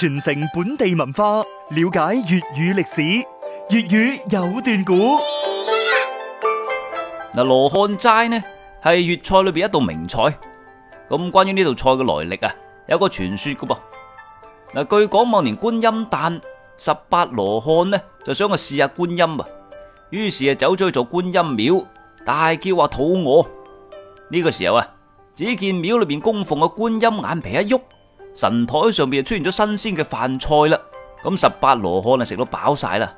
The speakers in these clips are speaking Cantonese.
傳承本地文化，了解粵語歷史，粵語有段古嗱，羅漢齋呢係粵菜裏邊一道名菜。咁關於呢道菜嘅來歷啊，有個傳說嘅噃。嗱，據講某年觀音誕，十八羅漢呢就想去試下觀音啊，於是啊走咗去座觀音廟，大叫話肚餓。呢、這個時候啊，只見廟裏邊供奉嘅觀音眼皮一喐。神台上面出現咗新鮮嘅飯菜啦，咁十八羅漢啊食到飽晒啦。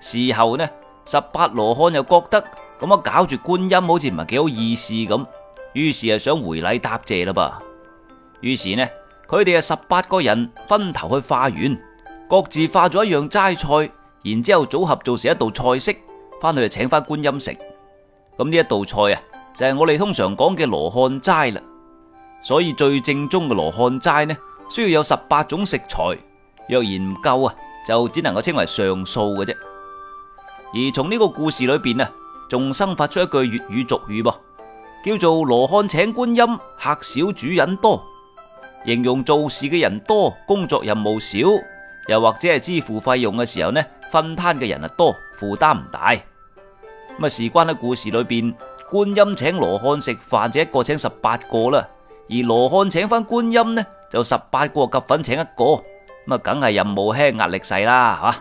事後呢，十八羅漢又覺得咁啊搞住觀音好似唔係幾好意思咁，於是啊想回禮答謝啦噃。於是呢，佢哋啊十八個人分頭去化緣，各自化咗一樣齋菜，然之後組合做成一道菜式，翻去就請翻觀音食。咁呢一道菜啊就係我哋通常講嘅羅漢齋啦。所以最正宗嘅羅漢齋呢，需要有十八種食材。若然唔夠啊，就只能夠稱為上素嘅啫。而從呢個故事裏邊啊，仲生發出一句粵語俗語噃,叫做羅漢請觀音，客少主人多，形容做事嘅人多，工作任務少，又或者係支付費用嘅時候呢，分攤嘅人啊多，負擔唔大。咁啊，事關喺故事裏邊，觀音請羅漢食飯就一個請十八個啦。而羅漢請返觀音呢，就十八個夾份請一個，咁啊，梗係任務輕壓力細啦，係。